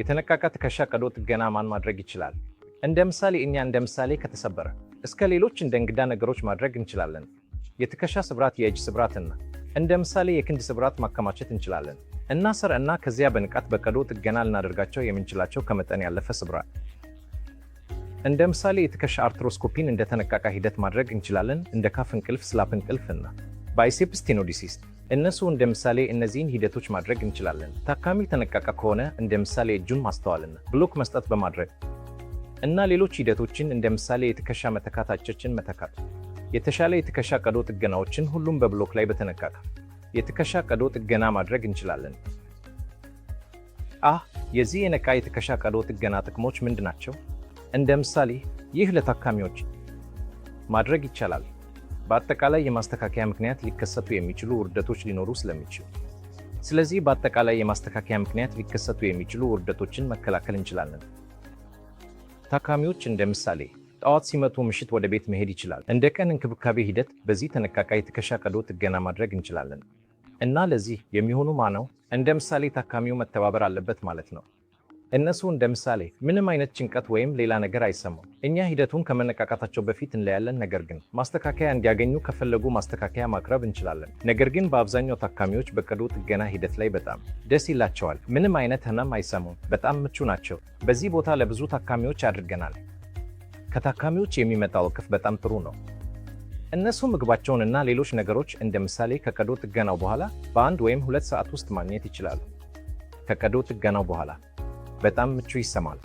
የተነቃቃ ትከሻ ቀዶ ጥገና ማን ማድረግ ይችላል? እንደ ምሳሌ እኛ እንደ ምሳሌ ከተሰበረ እስከ ሌሎች እንደ እንግዳ ነገሮች ማድረግ እንችላለን። የትከሻ ስብራት፣ የእጅ ስብራትና እንደ ምሳሌ የክንድ ስብራት ማከማቸት እንችላለን እና ስር እና ከዚያ በንቃት በቀዶ ጥገና ልናደርጋቸው የምንችላቸው ከመጠን ያለፈ ስብራት እንደ ምሳሌ የትከሻ አርትሮስኮፒን እንደ ተነቃቃ ሂደት ማድረግ እንችላለን። እንደ ካፍ እንቅልፍ፣ ስላፕ እንቅልፍ እና ባይሴፕስ ቴኖዲሲስ። እነሱ እንደ ምሳሌ እነዚህን ሂደቶች ማድረግ እንችላለን። ታካሚ ተነቃቀ ከሆነ እንደ ምሳሌ እጁን ማስተዋልና ብሎክ መስጠት በማድረግ እና ሌሎች ሂደቶችን እንደ ምሳሌ የትከሻ መተካት፣ መተካት፣ የተሻለ የትከሻ ቀዶ ጥገናዎችን ሁሉም በብሎክ ላይ በተነቃቀ የትከሻ ቀዶ ጥገና ማድረግ እንችላለን። አህ የዚህ የነቃ የትከሻ ቀዶ ጥገና ጥቅሞች ምንድናቸው? እንደ ምሳሌ ይህ ለታካሚዎች ማድረግ ይቻላል። በአጠቃላይ የማስተካከያ ምክንያት ሊከሰቱ የሚችሉ ውርደቶች ሊኖሩ ስለሚችል ስለዚህ በአጠቃላይ የማስተካከያ ምክንያት ሊከሰቱ የሚችሉ ውርደቶችን መከላከል እንችላለን። ታካሚዎች እንደ ምሳሌ ጠዋት ሲመጡ ምሽት ወደ ቤት መሄድ ይችላል። እንደ ቀን እንክብካቤ ሂደት በዚህ ተነቃቃይ ትከሻ ቀዶ ጥገና ማድረግ እንችላለን እና ለዚህ የሚሆኑ ማነው እንደ ምሳሌ ታካሚው መተባበር አለበት ማለት ነው። እነሱ እንደ ምሳሌ ምንም አይነት ጭንቀት ወይም ሌላ ነገር አይሰሙም። እኛ ሂደቱን ከመነቃቃታቸው በፊት እንለያለን፣ ነገር ግን ማስተካከያ እንዲያገኙ ከፈለጉ ማስተካከያ ማቅረብ እንችላለን። ነገር ግን በአብዛኛው ታካሚዎች በቀዶ ጥገና ሂደት ላይ በጣም ደስ ይላቸዋል። ምንም አይነት ህመም አይሰሙም። በጣም ምቹ ናቸው። በዚህ ቦታ ለብዙ ታካሚዎች አድርገናል። ከታካሚዎች የሚመጣው ክፍ በጣም ጥሩ ነው። እነሱ ምግባቸውን እና ሌሎች ነገሮች እንደ ምሳሌ ከቀዶ ጥገናው በኋላ በአንድ ወይም ሁለት ሰዓት ውስጥ ማግኘት ይችላሉ። ከቀዶ ጥገናው በኋላ በጣም ምቹ ይሰማል።